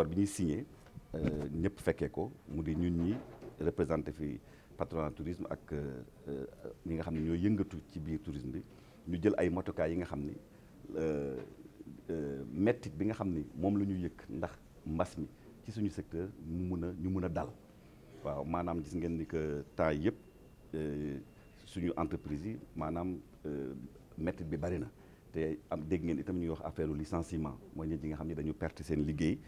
accord bi ñuy signé euh, ñëpp fekkee ko mu di ñun ñi représenté fi patronat tourisme ak euh, euh, ñi nga xam ne ñoo yëngatu ci biir tourisme bi ñu jël ay motokaay yi nga xam ni mettit bi nga xam ni moom la ñu yëg ndax mbas mi ci suñu secteur mu mun a ñu mun a dal waaw maanaam gis ngeen ni que temps yëpp suñu entreprise yi maanaam mettit bi bari na te am dégg ngeen itam ñuy wax affaire licenciement mooy nit ñi nga xam ne dañu perte seen liggéey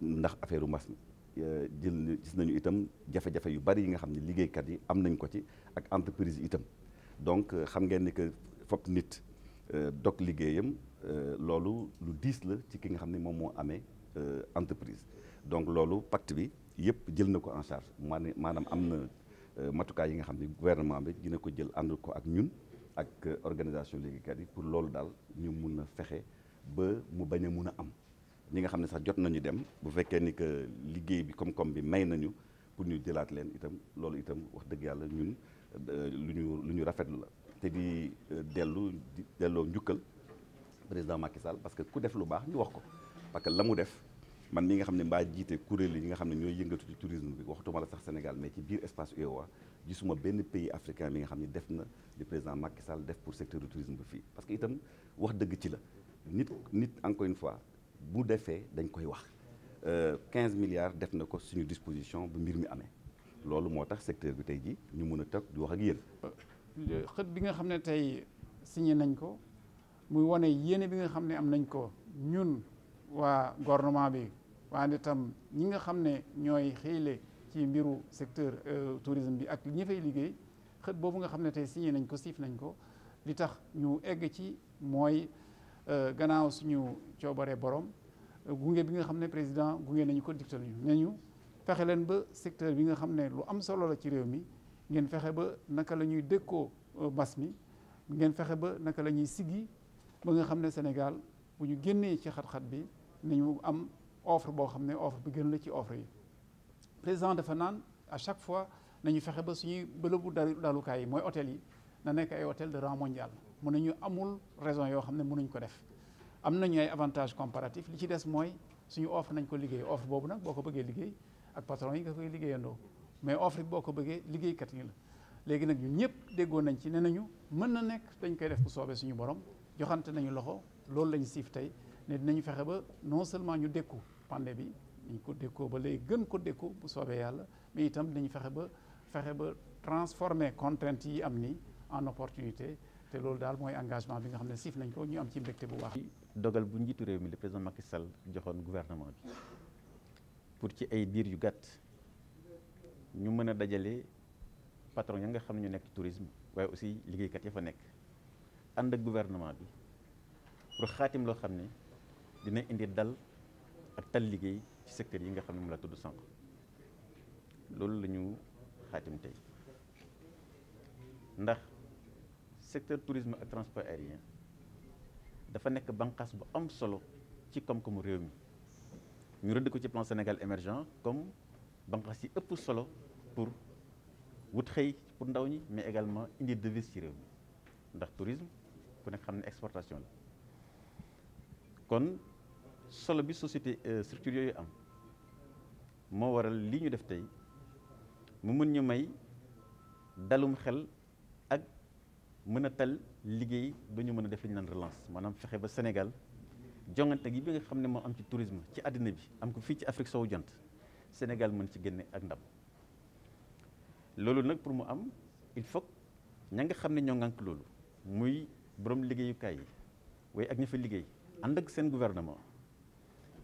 ndax affaire mbas mi euh, jël gis nañu itam jafe-jafe yu bari yi nga xam ne liggéeykat yi am nañ ko ci ak entreprise itam donc euh, xam ngeen ni que fop nit euh, dog liggéeyam loolu lu diis la ci ki nga xam ne moom moo amee entreprise donc loolu pacte bi yëpp jël na ko en charge maanaam am na matukaay yi nga xam ne gouvernement bi ne ko jël ànd ko ak ñun ak organisation légui kat yi pour lool dal ñu mëna fexé ba mu baña mëna am ñi nga xamné sax jot nañu dem bu fekké ni que liggéey bi comme comme bi may nañu pour ñu jëlaat leen itam loolu itam wax dëgg yàlla ñun euh, lu ñu lu ñu rafetlu la te di euh, dellu delloo njukkal président Macky Sall parce que ku def lu baax ñu wax ko parce que la def man mi nga xamné ne mbaa jiite kuréel yi nga xamné ñoy yëngatu ci tourisme bi waxtuma la sax Sénégal mais ci biir espace UEMOA gisuma benn pays africain mi nga xamné ne def na le président Macky Sall def pour secteur du tourisme bi fi parce que itam wax dëgg ci la nit nit encore une fois bu défé dañ koy wax euh 15 milliards def na ko suñu disposition bu mbir mi amee loolu moo tax secteur bi tey ji ñu mën a toog di wax ak yéen xët bi nga xam ne tey signé nañ ko muy wane yéene bi nga xam ne am nañ ko ñun waa gouvernement bi waaye itam ñi nga xam ne ñooy xëyle ci mbiru secteur euh, tourisme bi ak ñi liggéey xët boobu nga xam ne tey signé nañ ko siif nañ ko li tax ñu egg ci mooy euh, gannaaw suñu coobaree borom gunge bi nga xam ne président gunge nañu ko digtal ñu ne ñu fexe leen ba secteur bi nga xam ne lu am solo la ci réew mi ngeen fexe ba naka la ñuy dëkkoo euh, mbas mi ngeen fexe ba naka lañuy ñuy siggi ba nga xam ne Sénégal bu ñu génnee ci xat-xat bi nañu am offre bo xamné offre bi gën la ci offre yi président de naan à chaque fois nañu fexé ba suñu bëlëbu dalukaay kay moy hôtel yi na nek ay hôtel de rang mondial mun amul raison yo xamné ne mënuñ ko def am nañu ay avantage comparatif li ci dess moy suñu offre nañ ko liggéey offre bobu nak boko ko liggéey ak patron yi nga koy liggéeyandoo mais offre boko boo liggéey kat liggéeykat yi la légui nak ñun ñëpp déggo nañ ci ne nañu mën na nek dañ koy def bu soobee suñu borom joxante nañu loxo loolu lañu sif tay ne dinañu fexé ba non seulement ñu dékku pandé bi niñ ko dékkoo ba léegi gën ko dékkoo bu soobee yàlla mais itam dañu fexe ba fexe ba transformer contrainte yi amni en opportunité té loolu dal moy engagement bi nga xamné sif siif nañ ko ñu am ci mbégte bu baax. dogal bu njiitu réew mi le président Macky Sall joxone gouvernement bi pour ci ay diir yu gatt ñu mëna dajalé patron ya nga xamné ne ñu nekk tourisme way aussi liggéey kat ya fa nek ànd ak gouvernement bi pour xaatim lo xamné dina indi dal ak tal liggéey ci secteur yi nga xam ne moom laa tudd sànq aujourd'hui. la ñu xaatim tey ndax secteur tourisme ak transport aérien dafa une banque bu am solo ci koom-koomu réew mi ñu rëdd ko ci plan Sénégal émergent comme banqaas yi ëpp solo pour wut xëy pour ndaw mais également indi devise ci réew mi ndax tourisme ku nekk xam exportation Donc, kon solo bi société euh, structure yooyu am moo waral li ñu def tey mu mën ñu may dalum xel ak mën a tal liggéey ba ñu mën a def li ñu naan relance maanaam fexe ba Sénégal jongante gi bi nga xam ne moo am ci tourisme ci àddina bi am ko fii ci Afrique sowu jant Sénégal mën ci génne ak ndam loolu nag pour mu am il faut ña nga xam ne ñoo ngànk loolu muy borom liggéeyukaay yi waaye ak ña liggéey ànd ak seen gouvernement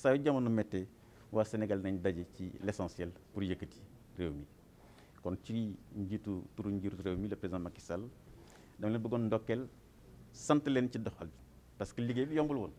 saa yu jamono méttee au Sénégal nañ l'essentiel pour y réew mi kon ci njiitu turu njiitu réew le président Macky Sall dama leen bëggoon ci parce que l'idée bi yombul